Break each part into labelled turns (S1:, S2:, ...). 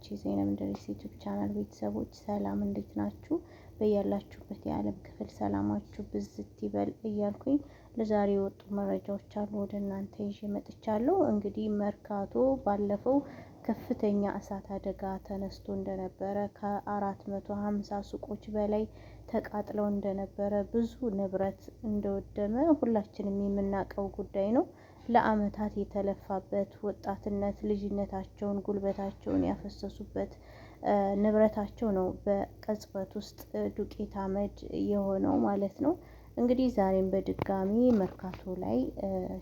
S1: የተወደዳችሁ የዜና ምድሪስ ዩቲዩብ ቻናል ቤተሰቦች ሰላም፣ እንዴት ናችሁ? በያላችሁበት የዓለም ክፍል ሰላማችሁ ብዝት ይበል እያልኩኝ ለዛሬ የወጡ መረጃዎች አሉ ወደ እናንተ ይዤ መጥቻለሁ። እንግዲህ መርካቶ ባለፈው ከፍተኛ እሳት አደጋ ተነስቶ እንደነበረ ከ450 ሱቆች በላይ ተቃጥለው እንደነበረ ብዙ ንብረት እንደወደመ ሁላችንም የምናውቀው ጉዳይ ነው። ለአመታት የተለፋበት ወጣትነት፣ ልጅነታቸውን፣ ጉልበታቸውን ያፈሰሱበት ንብረታቸው ነው በቅጽበት ውስጥ ዱቄት አመድ የሆነው ማለት ነው። እንግዲህ ዛሬም በድጋሚ መርካቶ ላይ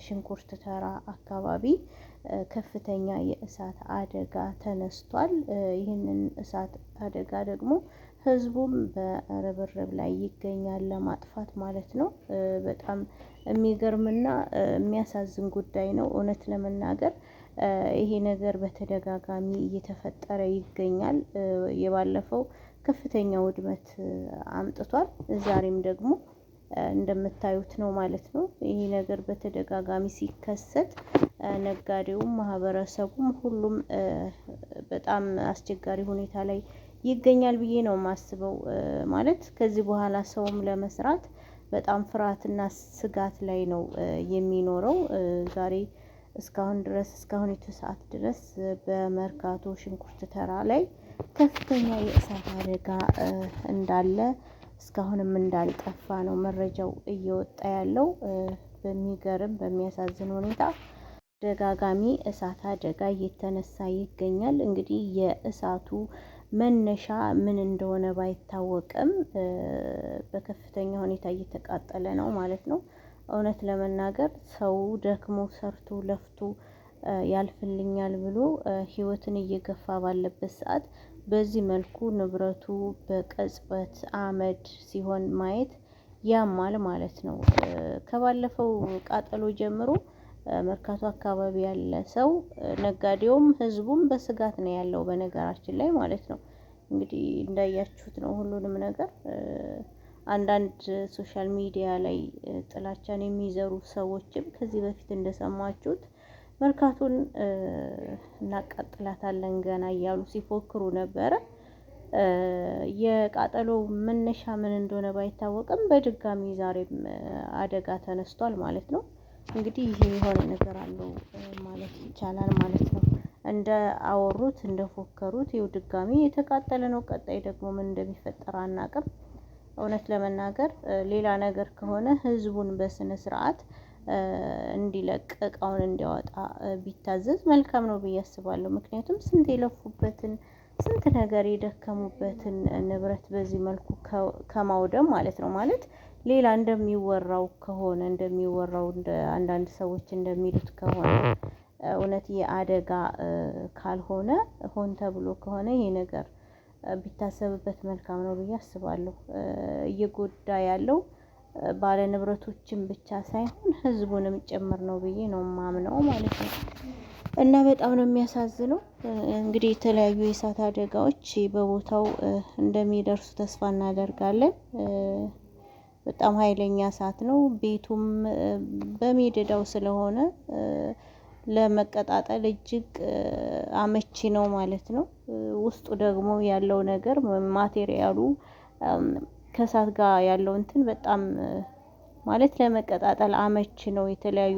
S1: ሽንኩርት ተራ አካባቢ ከፍተኛ የእሳት አደጋ ተነስቷል። ይህንን እሳት አደጋ ደግሞ ህዝቡም በርብርብ ላይ ይገኛል ለማጥፋት ማለት ነው። በጣም የሚገርምና የሚያሳዝን ጉዳይ ነው። እውነት ለመናገር ይሄ ነገር በተደጋጋሚ እየተፈጠረ ይገኛል። የባለፈው ከፍተኛ ውድመት አምጥቷል። ዛሬም ደግሞ እንደምታዩት ነው ማለት ነው። ይሄ ነገር በተደጋጋሚ ሲከሰት ነጋዴውም ማህበረሰቡም ሁሉም በጣም አስቸጋሪ ሁኔታ ላይ ይገኛል ብዬ ነው የማስበው። ማለት ከዚህ በኋላ ሰውም ለመስራት በጣም ፍርሃትና ስጋት ላይ ነው የሚኖረው። ዛሬ እስካሁን ድረስ እስካሁን ሰዓት ድረስ በመርካቶ ሽንኩርት ተራ ላይ ከፍተኛ የእሳት አደጋ እንዳለ እስካሁንም እንዳልጠፋ ነው መረጃው እየወጣ ያለው። በሚገርም በሚያሳዝን ሁኔታ ደጋጋሚ እሳት አደጋ እየተነሳ ይገኛል። እንግዲህ የእሳቱ መነሻ ምን እንደሆነ ባይታወቅም በከፍተኛ ሁኔታ እየተቃጠለ ነው ማለት ነው። እውነት ለመናገር ሰው ደክሞ ሰርቶ ለፍቶ ያልፍልኛል ብሎ ህይወትን እየገፋ ባለበት ሰዓት በዚህ መልኩ ንብረቱ በቅጽበት አመድ ሲሆን ማየት ያማል ማለት ነው። ከባለፈው ቃጠሎ ጀምሮ መርካቶ አካባቢ ያለ ሰው ነጋዴውም ህዝቡም በስጋት ነው ያለው በነገራችን ላይ ማለት ነው። እንግዲህ እንዳያችሁት ነው ሁሉንም ነገር አንዳንድ ሶሻል ሚዲያ ላይ ጥላቻን የሚዘሩ ሰዎችም ከዚህ በፊት እንደሰማችሁት መርካቶን እናቃጥላታለን ገና እያሉ ሲፎክሩ ነበረ። የቃጠሎ መነሻ ምን እንደሆነ ባይታወቅም በድጋሚ ዛሬም አደጋ ተነስቷል ማለት ነው። እንግዲህ ይሄ የሆነ ነገር አለው ማለት ይቻላል ማለት ነው። እንደ አወሩት እንደፎከሩት ይኸው ድጋሚ የተቃጠለ ነው። ቀጣይ ደግሞ ምን እንደሚፈጠር አናቅም። እውነት ለመናገር ሌላ ነገር ከሆነ ህዝቡን በስነ ስርዓት እንዲለቅ እቃውን እንዲያወጣ ቢታዘዝ መልካም ነው ብዬ አስባለሁ። ምክንያቱም ስንት የለፉበትን ስንት ነገር የደከሙበትን ንብረት በዚህ መልኩ ከማውደም ማለት ነው። ማለት ሌላ እንደሚወራው ከሆነ እንደሚወራው አንዳንድ ሰዎች እንደሚሉት ከሆነ እውነት የአደጋ ካልሆነ ሆን ተብሎ ከሆነ ይሄ ነገር ቢታሰብበት መልካም ነው ብዬ አስባለሁ። እየጎዳ ያለው ባለ ንብረቶችን ብቻ ሳይሆን ህዝቡንም ጭምር ነው ብዬ ነው ማምነው ማለት ነው እና በጣም ነው የሚያሳዝነው። እንግዲህ የተለያዩ የእሳት አደጋዎች በቦታው እንደሚደርሱ ተስፋ እናደርጋለን። በጣም ኃይለኛ እሳት ነው። ቤቱም በሜደዳው ስለሆነ ለመቀጣጠል እጅግ አመቺ ነው ማለት ነው። ውስጡ ደግሞ ያለው ነገር ማቴሪያሉ ከእሳት ጋር ያለው እንትን በጣም ማለት ለመቀጣጠል አመች ነው። የተለያዩ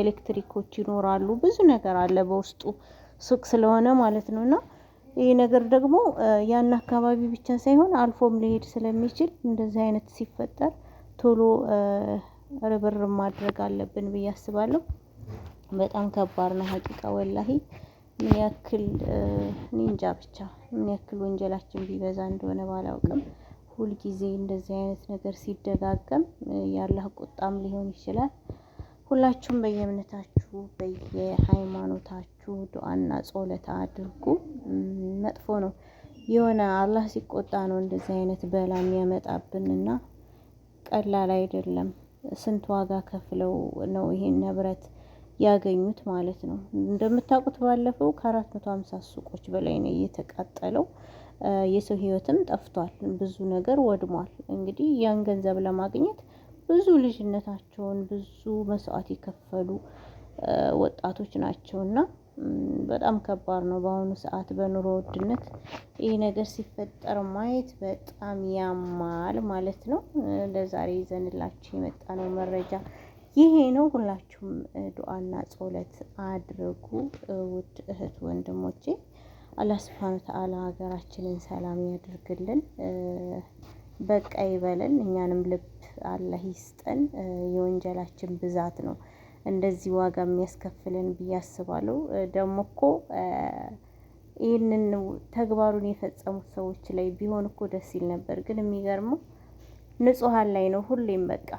S1: ኤሌክትሪኮች ይኖራሉ። ብዙ ነገር አለ በውስጡ ሱቅ ስለሆነ ማለት ነው። እና ይህ ነገር ደግሞ ያን አካባቢ ብቻ ሳይሆን አልፎም ሊሄድ ስለሚችል እንደዚህ አይነት ሲፈጠር ቶሎ ርብር ማድረግ አለብን ብዬ አስባለሁ። በጣም ከባድ ነው ሀቂቃ ወላሂ። ምን ያክል ኒንጃ ብቻ ምን ያክል ወንጀላችን ቢበዛ እንደሆነ ባላውቅም ሁልጊዜ እንደዚህ አይነት ነገር ሲደጋገም የአላህ ቁጣም ሊሆን ይችላል። ሁላችሁም በየእምነታችሁ በየሃይማኖታችሁ ዱዓና ጾለት አድርጉ። መጥፎ ነው የሆነ አላህ ሲቆጣ ነው እንደዚህ አይነት በላ እና ቀላል አይደለም። ስንት ዋጋ ከፍለው ነው ይሄን ንብረት ያገኙት ማለት ነው። እንደምታውቁት ባለፈው ከአራት መቶ ሀምሳ ሱቆች በላይ ነው እየተቃጠለው የሰው ህይወትም ጠፍቷል፣ ብዙ ነገር ወድሟል። እንግዲህ ያን ገንዘብ ለማግኘት ብዙ ልጅነታቸውን ብዙ መስዋዕት የከፈሉ ወጣቶች እና በጣም ከባድ ነው። በአሁኑ ሰዓት በኑሮ ውድነት ይህ ነገር ሲፈጠር ማየት በጣም ያማል ማለት ነው። ለዛሬ ይዘንላችሁ ነው መረጃ ይሄ ነው። ሁላችሁም ዱዓና ጸሎት አድርጉ ውድ እህት ወንድሞቼ። አላህ ሱብሓነሁ ወተዓላ ሀገራችንን ሰላም ያድርግልን፣ በቃ ይበለን። እኛንም ልብ አላህ ይስጠን። የወንጀላችን ብዛት ነው እንደዚህ ዋጋ የሚያስከፍልን ብዬ አስባለሁ። ደግሞ እኮ ይህንን ተግባሩን የፈጸሙት ሰዎች ላይ ቢሆን እኮ ደስ ይል ነበር። ግን የሚገርመው ንጹሀን ላይ ነው ሁሌም በቃ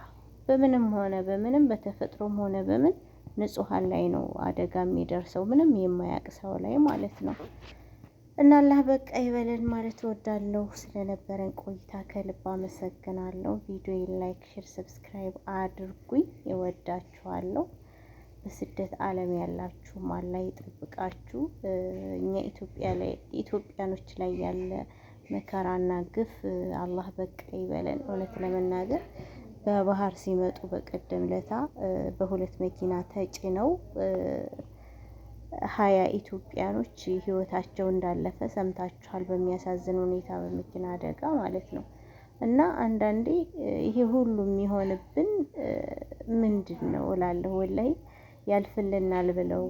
S1: በምንም ሆነ በምንም በተፈጥሮም ሆነ በምን ንጹሀን ላይ ነው አደጋ የሚደርሰው፣ ምንም የማያቅ ሰው ላይ ማለት ነው። እና አላህ በቃ ይበለን ማለት እወዳለሁ። ስለነበረን ቆይታ ከልብ አመሰግናለሁ። ቪዲዮ ላይክ፣ ሼር፣ ሰብስክራይብ አድርጉኝ። እወዳችኋለሁ። በስደት ዓለም ያላችሁ ማላ ይጠብቃችሁ። እኛ ኢትዮጵያ ላይ ኢትዮጵያኖች ላይ ያለ መከራና ግፍ አላህ በቃ ይበለን። እውነት ለመናገር በባህር ሲመጡ በቀደም ለታ በሁለት መኪና ተጭነው ሀያ ኢትዮጵያኖች ህይወታቸው እንዳለፈ ሰምታችኋል። በሚያሳዝን ሁኔታ በመኪና አደጋ ማለት ነው። እና አንዳንዴ ይሄ ሁሉ የሚሆንብን ምንድን ነው እላለሁ። ወላይ ያልፍልናል ብለው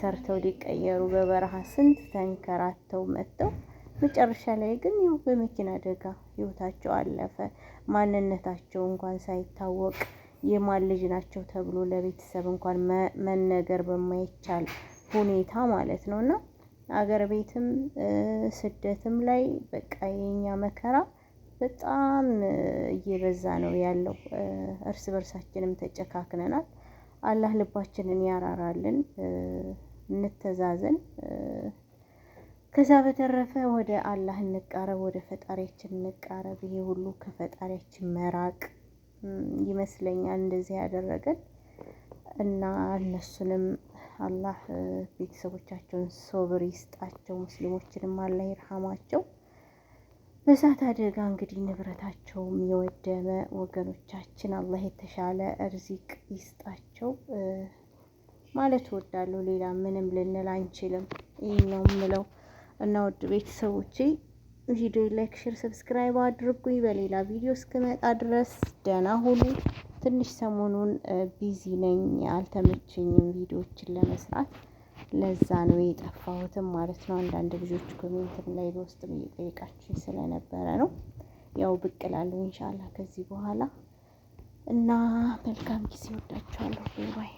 S1: ሰርተው ሊቀየሩ በበረሃ ስንት ተንከራተው መጥተው መጨረሻ ላይ ግን ይኸው በመኪና አደጋ ህይወታቸው አለፈ። ማንነታቸው እንኳን ሳይታወቅ የማን ልጅ ናቸው ተብሎ ለቤተሰብ እንኳን መነገር በማይቻል ሁኔታ ማለት ነው እና አገር ቤትም ስደትም ላይ በቃ የኛ መከራ በጣም እየበዛ ነው ያለው። እርስ በርሳችንም ተጨካክነናል። አላህ ልባችንን ያራራልን፣ እንተዛዘን። ከዛ በተረፈ ወደ አላህ እንቃረብ፣ ወደ ፈጣሪያችን እንቃረብ። ይሄ ሁሉ ከፈጣሪያችን መራቅ ይመስለኛል እንደዚህ ያደረገን እና እነሱንም አላህ ቤተሰቦቻቸውን ሶብር ይስጣቸው። ሙስሊሞችንም አላህ ይርሃማቸው። በእሳት አደጋ እንግዲህ ንብረታቸውም የወደመ ወገኖቻችን አላህ የተሻለ እርዚቅ ይስጣቸው ማለት እወዳለሁ። ሌላ ምንም ልንል አንችልም። ይህ ነው የምለው እና ውድ ቤተሰቦቼ ቪዲዮ ላይክ፣ ሼር፣ ሰብስክራይብ አድርጉኝ። በሌላ ቪዲዮ እስክመጣ ድረስ ደህና ሁኑ። ትንሽ ሰሞኑን ቢዚ ነኝ፣ አልተመቸኝም ቪዲዮዎችን ለመስራት ለዛ ነው የጠፋሁትም ማለት ነው። አንዳንድ ልጆች ኮሜንትም ላይ በውስጥም እየጠየቃችሁኝ ስለነበረ ነው ያው ብቅ እላለሁ ኢንሻላህ ከዚህ በኋላ እና መልካም ጊዜ ወዳችኋለሁ ባይ